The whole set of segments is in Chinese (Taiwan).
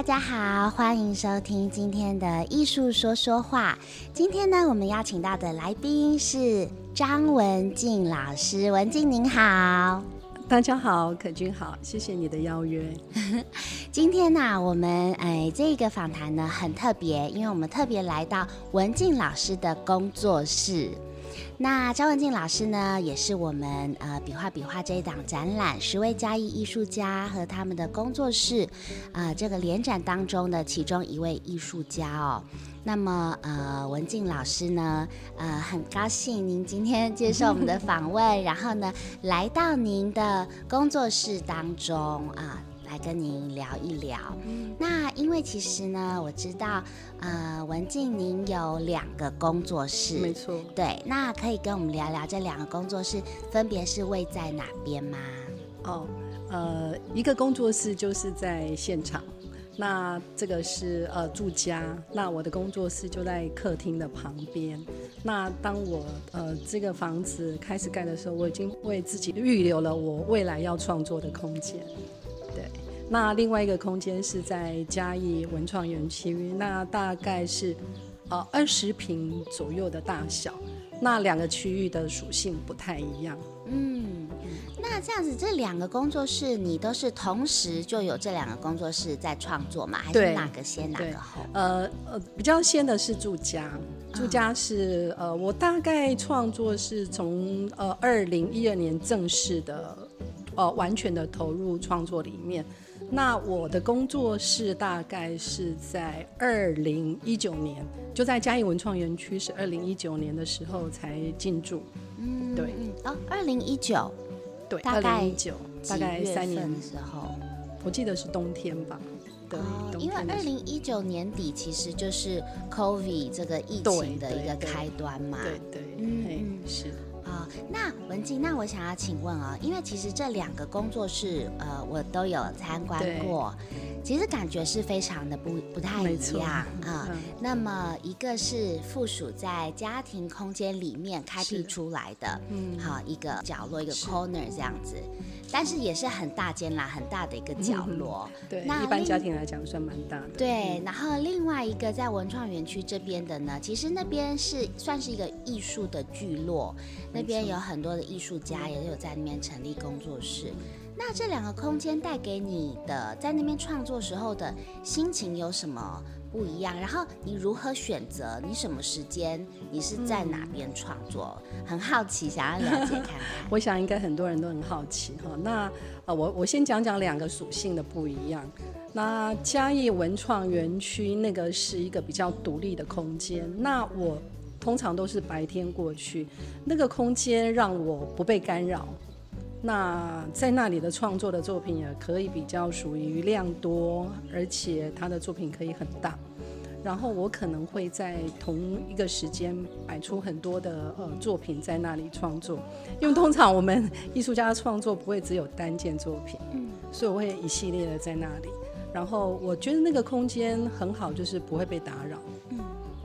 大家好，歡迎收聽今天的藝術說說話。今天呢，我們邀請到的來賓是張文靜老師，文靜您好。大家好，可君好，謝謝你的邀約。今天呢、啊，我們誒、呃、這個訪談呢很特別，因為我們特別來到文靜老師的工作室。那張文靜老師呢，也是我們呃“比劃比畫”這一檔展覽十位嘉義藝術家和他們的工作室，啊、呃，這個聯展當中的其中一位藝術家哦。那麼呃文靜老師呢，呃很高興您今天接受我們的訪問， 然後呢來到您的工作室當中啊。呃來跟您聊一聊。那因為其實呢，我知道，呃，文靜，您有兩個工作室，沒錯。對，那可以跟我們聊聊這兩個工作室分別是位在哪邊嗎？哦，呃，一個工作室就是在現場，那這個是呃住家。那我的工作室就在客廳的旁邊。那當我呃這個房子開始蓋的時候，我已經為自己預留了我未來要創作的空間。那另外一個空間是在嘉義文創園區，那大概是，呃，二十坪左右的大小。那兩個區域的屬性不太一樣。嗯，那這樣子，這兩個工作室你都是同時就有這兩個工作室在創作嘛？還是那個對哪個先哪個後？呃呃，比較先的是住家，住家是、oh. 呃，我大概創作是從呃二零一二年正式的，呃，完全的投入創作裡面。那我的工作室大概是在二零一九年，就在嘉義文創園區，是二零一九年的時候才進駐。嗯，對、哦、啊，二零一九，對，大概，一九，大概三年的時候，我記得是冬天吧。對，哦、因為二零一九年底其實就是 COVID 這個疫情的一個開端嘛。對對，對，對，對，對，嗯是。那文靜，那我想要請問哦，因為其實這兩個工作室，呃，我都有參觀過。其實感覺是非常的不不太一樣啊、嗯嗯嗯。那麼一個是附屬在家庭空間裡面開闢出來的，嗯，好、啊、一個角落一個 corner 這樣子，但是也是很大間啦，很大的一個角落。嗯、對，那一般家庭來講算蠻大的、嗯對對。對，然後另外一個在文創園區這邊的呢，其實那邊是算是一個藝術的聚落，那邊有很多的藝術家也有在那邊成立工作室。那這兩個空間帶給你的在那邊創作時候的心情有什麼不一樣？然後你如何選擇？你什麼時間？你是在哪邊創作？嗯，很好奇，想要了解看看。 我想應該很多人都很好奇哈。那啊，我我先講講兩個屬性的不一樣。那嘉義文創園區那個是一個比較獨立的空間。那我通常都是白天過去，那個空間讓我不被干擾。那在那裡的創作的作品也可以比較屬於量多，而且他的作品可以很大。然後我可能會在同一個時間擺出很多的呃作品在那裡創作，因為通常我們藝術家的創作不會只有單件作品，嗯，所以我會一系列的在那裡。然後我覺得那個空間很好，就是不會被打擾，嗯，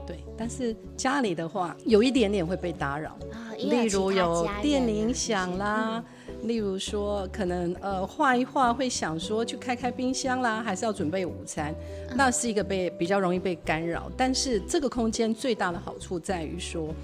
對。但是家裡的話有一點點會被打擾，例如有電鈴響啦。例如說，可能呃畫一畫會想說去開開冰箱啦，還是要準備午餐，那是一個被比較容易被干擾。但是這個空間最大的好處在於說，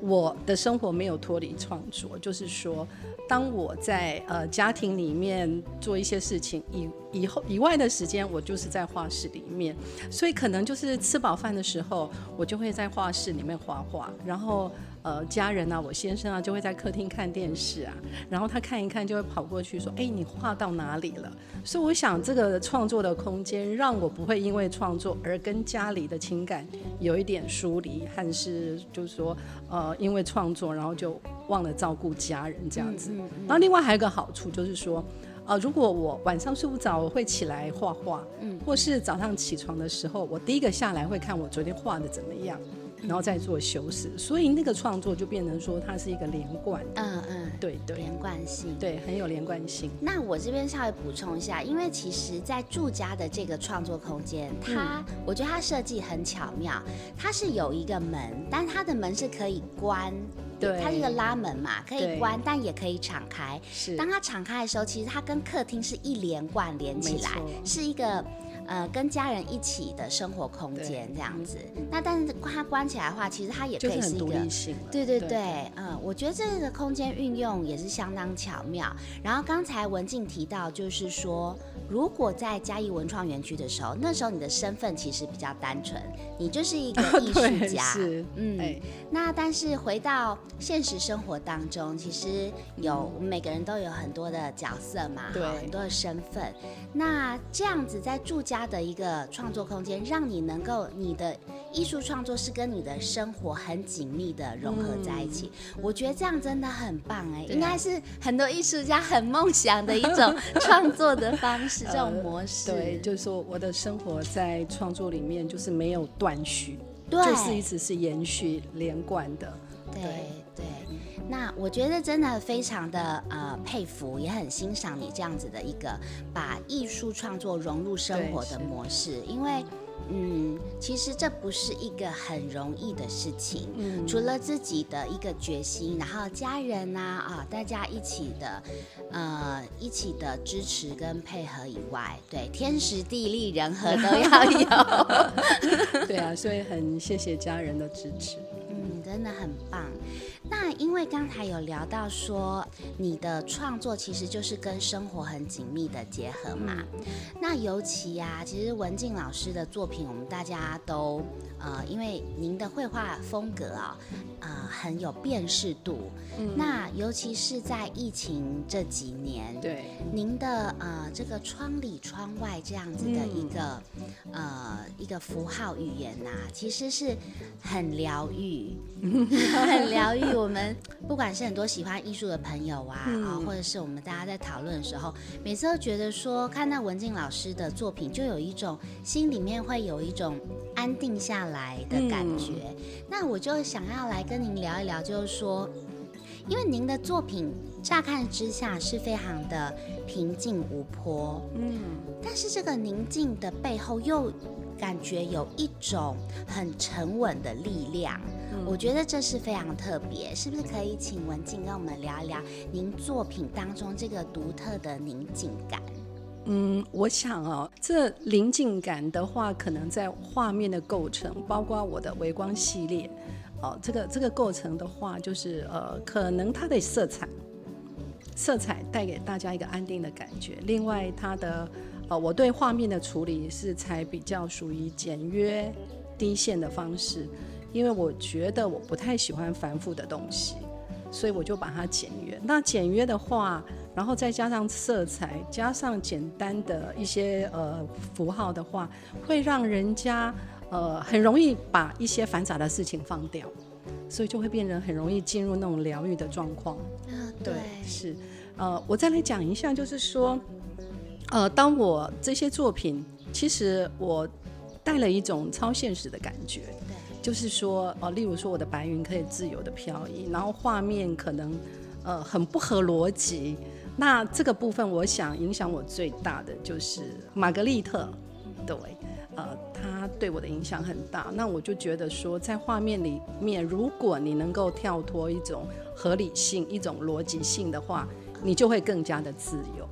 我的生活沒有脫離創作，就是說，當我在呃家庭裡面做一些事情以以後以外的時間，我就是在畫室裡面，所以可能就是吃飽飯的時候，我就會在畫室裡面畫畫，然後。呃，家人啊，我先生啊，就會在客廳看電視啊，然後他看一看，就會跑過去說：“哎，你畫到哪裡了？”所以我想，這個創作的空間讓我不會因為創作而跟家裡的情感有一點疏離，還是就是說，呃，因為創作然後就忘了照顧家人這樣子。嗯嗯嗯、然後另外還有一個好處就是說，呃，如果我晚上睡不着，我會起來畫畫、嗯，或是早上起床的時候，我第一個下來會看我昨天畫得怎麼樣。然後再做修飾，所以那個創作就變成說它是一個連貫。嗯嗯，對對，連貫性，對，很有連貫性。那我這邊稍微補充一下，因為其實，在住家的這個創作空間，它、嗯，我覺得它設計很巧妙，它是有一個門，但它的門是可以關，對，它是一個拉門嘛，可以關，但也可以敞開。是，當它敞開的時候，其實它跟客廳是一連貫連起來，是一個。呃，跟家人一起的生活空間這樣子，那但是它關起來的話，其實它也可以是一個，就是、性，對對對，嗯、呃，我覺得這個空間運用也是相當巧妙。然後剛才文靜提到，就是說。如果在嘉義文創園區的時候，那時候你的身份其實比較單純，你就是一個藝術家。啊、是嗯、欸，那但是回到現實生活當中，其實有、嗯、我們每個人都有很多的角色嘛，對、很多的身份。那這樣子在住家的一個創作空間，讓你能夠你的藝術創作是跟你的生活很緊密的融合在一起，嗯，我覺得這樣真的很棒哎，欸，應該是很多藝術家很夢想的一種創作的方式。 這種模式，呃，對，就是說我的生活在創作裡面就是沒有斷續，對，就是一直是延續連貫的，對對，對。那我覺得真的非常的呃佩服，也很欣賞你這樣子的一個把藝術創作融入生活的模式，因為。嗯，其實這不是一個很容易的事情。嗯，除了自己的一個決心，然後家人吶啊，啊，大家一起的，呃，一起的支持跟配合以外，對，天時地利人和都要有。 對啊，所以很謝謝家人的支持。真的很棒。那因為剛才有聊到說，你的創作其實就是跟生活很緊密的結合嘛。那尤其啊，其實文靜老師的作品，我們大家都呃，因為您的繪畫風格啊，呃，很有辨識度。嗯。那尤其是在疫情這幾年，對您的呃這個窗裡窗外這樣子的一個，嗯，呃一個符號語言吶，啊，其實是很療癒。我 很療癒我們，不管是很多喜歡藝術的朋友啊，啊，或者是我們大家在討論的時候，每次都覺得說，看到文靜老師的作品，就有一種心裡面會有一種安定下來的感覺。嗯。那我就想要來跟您聊一聊，就是說，因為您的作品乍看之下是非常的平靜無波，嗯，但是這個寧靜的背後又感覺有一種很沉穩的力量。 我覺得這是非常特別，是不是可以請文靜跟我們聊一聊您作品當中這個獨特的寧靜感？嗯，我想哦，這寧靜感的話，可能在畫面的構成，包括我的微光系列，哦，這個這個構成的話，就是呃，可能它的色彩，色彩帶給大家一個安定的感覺。另外，它的呃，我對畫面的處理是採比較屬於簡約、低限的方式。因為我覺得我不太喜歡繁複的東西，所以我就把它簡約。那簡約的話，然後再加上色彩，加上簡單的一些呃符號的話，會讓人家呃很容易把一些繁雜的事情放掉，所以就會變得很容易進入那種療癒的狀況。Okay. 對，是。呃，我再來講一下，就是說，呃，當我這些作品，其實我帶了一種超現實的感覺。對。就是說，呃，例如說，我的白雲可以自由的飄逸，然後畫面可能，呃，很不合邏輯。那這個部分，我想影響我最大的就是馬格利特，對，呃，他對我的影響很大。那我就覺得說，在畫面裡面，如果你能夠跳脫一種合理性、一種邏輯性的話，你就會更加的自由。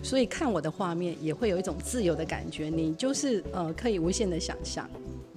所以看我的畫面也會有一種自由的感覺，你就是呃，可以無限的想象。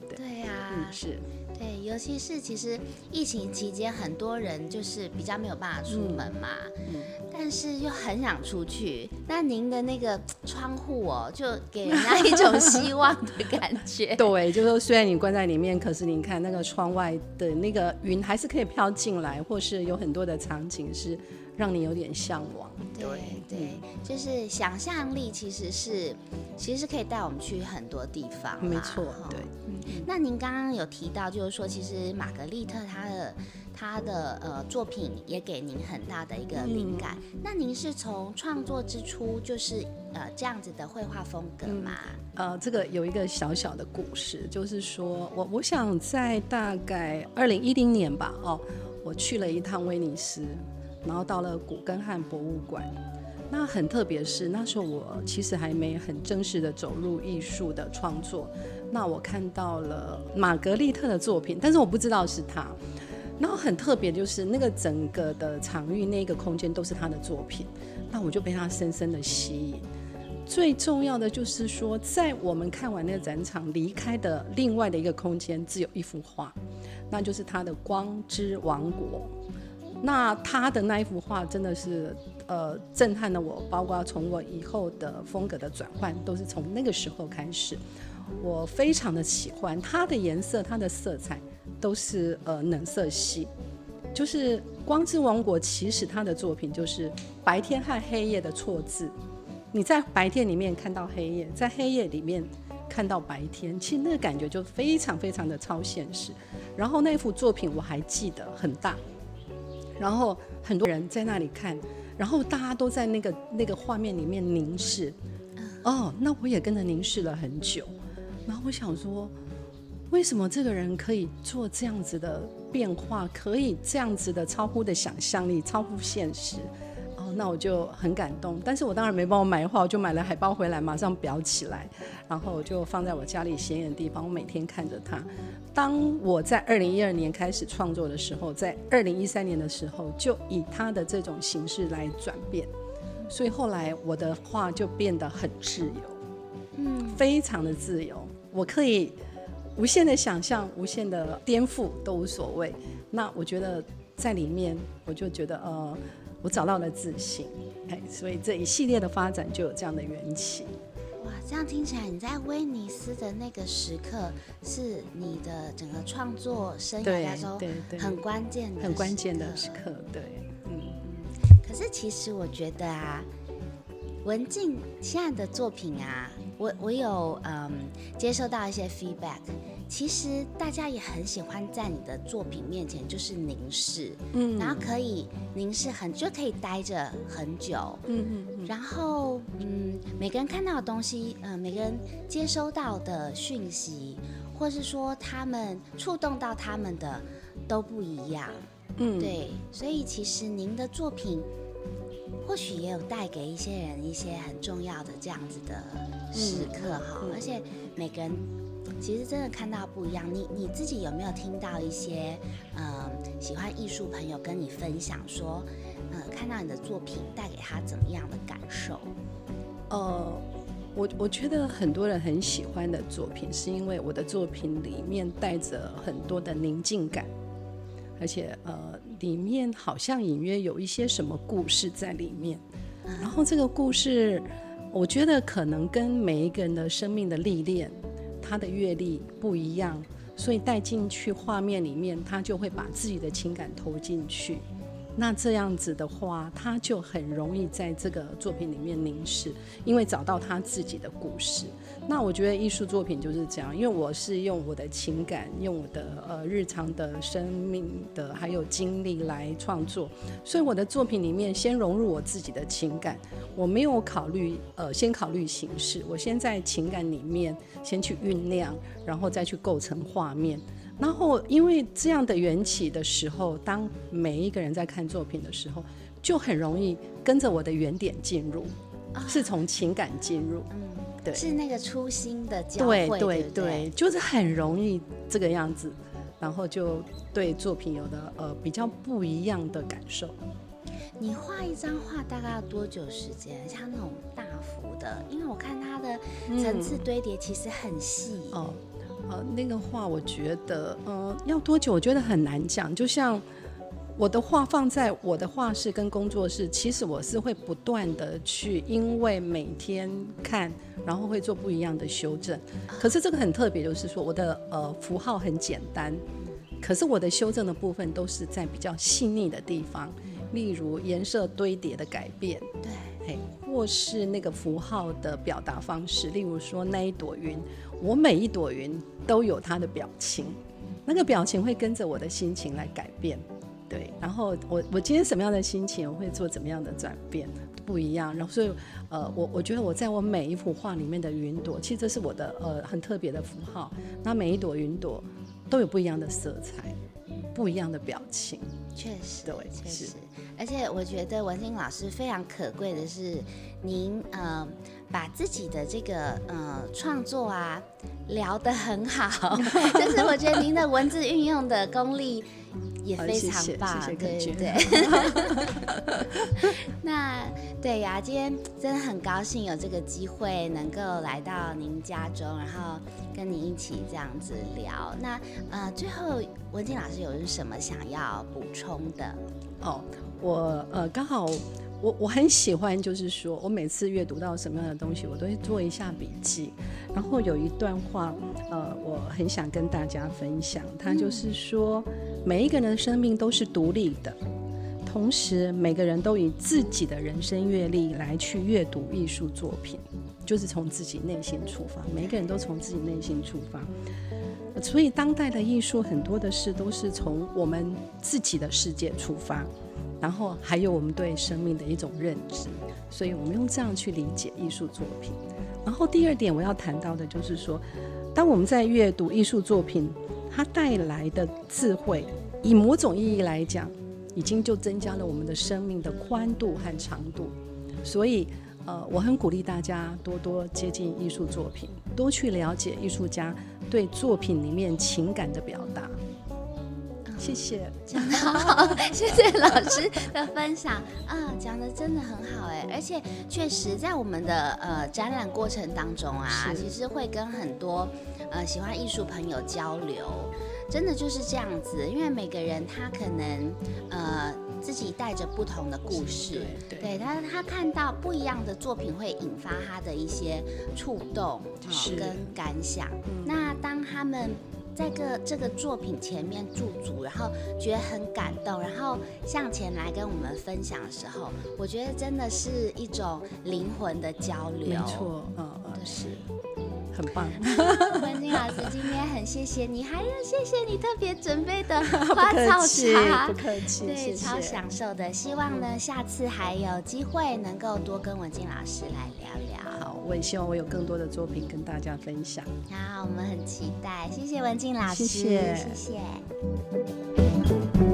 對，對呀，啊，嗯，是。對，尤其是其實疫情期間，很多人就是比較沒有辦法出門嘛。嗯嗯但是又很想出去，那您的那個窗戶哦，就給人家一種希望的感覺。 對，就是說雖然你關在裡面，可是你看那個窗外的那個雲還是可以飄進來，或是有很多的場景是讓你有點嚮往。對對、嗯，就是想象力其實是其實是可以帶我們去很多地方。沒錯，對、哦嗯。那您剛剛有提到，就是說其實馬格利特她的。他的呃作品也給您很大的一個靈感。嗯、那您是從創作之初就是呃這樣子的繪畫風格嗎、嗯？呃，這個有一個小小的故事，就是說我我想在大概二零一零年吧，哦，我去了一趟威尼斯，然後到了古根漢博物館。那很特別是，那時候我其實還沒很正式的走入藝術的創作，那我看到了馬格利特的作品，但是我不知道是他。然後很特別，就是那個整個的場域、那個空間都是他的作品，那我就被他深深的吸引。最重要的就是說，在我們看完那個展場離開的另外的一個空間，只有一幅畫，那就是他的《光之王國》。那他的那一幅畫真的是呃震撼了我，包括從我以後的風格的轉換，都是從那個時候開始。我非常的喜歡它的顏色，它的色彩都是呃冷色系。就是《光之王國》，其實它的作品就是白天和黑夜的錯置。你在白天裡面看到黑夜，在黑夜裡面看到白天，其實那個感覺就非常非常的超現實。然後那幅作品我還記得很大，然後很多人在那裡看，然後大家都在那個那個畫面裡面凝視。哦，那我也跟着凝視了很久。然後我想說，為什麼這個人可以做這樣子的變化，可以這樣子的超乎的想象力，超乎現實？哦，那我就很感動。但是我當然沒幫我買畫，我就買了海報回來，馬上裱起來，然後我就放在我家裡顯眼的地方，我每天看着它。當我在二零一二年開始創作的時候，在二零一三年的時候，就以他的這種形式來轉變，所以後來我的畫就變得很自由，嗯，非常的自由。我可以無限的想象，無限的顛覆都無所謂。那我覺得在裡面，我就覺得呃，我找到了自信。哎、欸，所以這一系列的發展就有這樣的緣起。哇，這樣聽起來，你在威尼斯的那個時刻是你的整個創作生涯中很關鍵的、很關鍵的時刻，對，嗯。可是其實我覺得啊，文靜現在的作品啊。我我有嗯接收到一些 feedback，其實大家也很喜歡在你的作品面前就是凝視，嗯，然後可以凝視很就可以待着很久，嗯嗯，然後嗯每個人看到的東西，嗯、呃、每個人接收到的訊息，或是說他們觸動到他們的都不一樣，嗯，對，所以其實您的作品。或許也有帶給一些人一些很重要的這樣子的時刻哈、哦嗯嗯，而且每個人其實真的看到不一樣。你你自己有沒有聽到一些，嗯、呃，喜歡藝術朋友跟你分享說，呃，看到你的作品帶給他怎麼樣的感受？呃，我我覺得很多人很喜歡的作品，是因為我的作品裡面帶着很多的寧靜感，而且呃。裡面好像隱約有一些什麼故事在裡面，然後這個故事，我覺得可能跟每一個人的生命的歷練、他的閱歷不一樣，所以帶進去畫面裡面，他就會把自己的情感投進去。那這樣子的話，他就很容易在這個作品裡面凝視，因為找到他自己的故事。那我覺得藝術作品就是這樣，因為我是用我的情感，用我的呃日常的生命的還有經歷來創作，所以我的作品裡面先融入我自己的情感，我沒有考慮呃先考慮形式，我先在情感裡面先去醞釀，然後再去構成畫面。然後，因為這樣的緣起的時候，當每一個人在看作品的時候，就很容易跟着我的原點進入，哦、是從情感進入，嗯，對，是那個初心的教誨，對對對，對，對，就是很容易這個樣子，然後就對作品有的呃比較不一樣的感受。你畫一張畫大概要多久時間？像那種大幅的，因為我看它的層次堆疊其實很細，嗯、哦。呃，那個畫我覺得，呃，要多久？我覺得很難講。就像我的畫放在我的畫室跟工作室，其實我是會不斷的去，因為每天看，然後會做不一樣的修正。可是這個很特別，就是說我的呃符號很簡單，可是我的修正的部分都是在比較細膩的地方，例如顏色堆疊的改變。對，誒。或是那個符號的表達方式，例如說那一朵雲，我每一朵雲都有它的表情，那個表情會跟着我的心情來改變，對。然後我我今天什麼樣的心情，我會做怎麼樣的轉變，不一樣。然後所以呃，我我覺得我在我每一幅畫裡面的雲朵，其實這是我的呃很特別的符號，那每一朵雲朵都有不一樣的色彩。不一樣的表情。確實對，確實。而且我覺得文靜老師非常可貴的是您，您、呃、把自己的這個呃創作啊聊得很好， 就是我覺得您的文字運用的功力。也非常棒，哦、謝謝對不對？ 那對呀、啊，今天真的很高興有這個機會能夠來到您家中，然後跟你一起這樣子聊。那呃，最後文靜老師有什麼想要補充的？哦，我呃，剛好我我很喜歡，就是說我每次閱讀到什麼樣的東西，我都會做一下筆記。然後有一段話，呃，我很想跟大家分享，它就是說，嗯每一個人的生命都是獨立的，同時每個人都以自己的人生閱歷來去閱讀藝術作品，就是從自己內心出發。每一個人都從自己內心出發，所以當代的藝術很多的事都是從我們自己的世界出發，然後還有我們對生命的一種認知。所以我們用這樣去理解藝術作品。然後第二點我要談到的就是說，當我們在閱讀藝術作品，它帶來的智慧，以某種意義來講，已經就增加了我們的生命的寬度和長度。所以，呃，我很鼓勵大家多多接近藝術作品，多去了解藝術家對作品裡面情感的表達。謝謝，講的好好，謝謝老師的分享啊，講的真的很好哎，而且確實，在我們的呃展覽過程當中啊，其實會跟很多呃喜歡藝術朋友交流，真的就是這樣子，因為每個人他可能呃自己帶着不同的故事，對，對，對，他他看到不一樣的作品會引發他的一些觸動，哦，跟感想，嗯，那當他們。在個這個作品前面駐足，然後覺得很感動，然後向前來跟我們分享的時候，我覺得真的是一種靈魂的交流。沒錯，真、哦、的、啊、是很棒，啊。文靜老師 今天很謝謝你，還要謝謝你特別準備的花草茶。 不客氣，不客氣，對，謝謝，超享受的。希望呢下次還有機會能夠多跟文靜老師來聊。我希望我有更多的作品跟大家分享。好，我們很期待。謝謝文靜老師，謝謝，謝謝。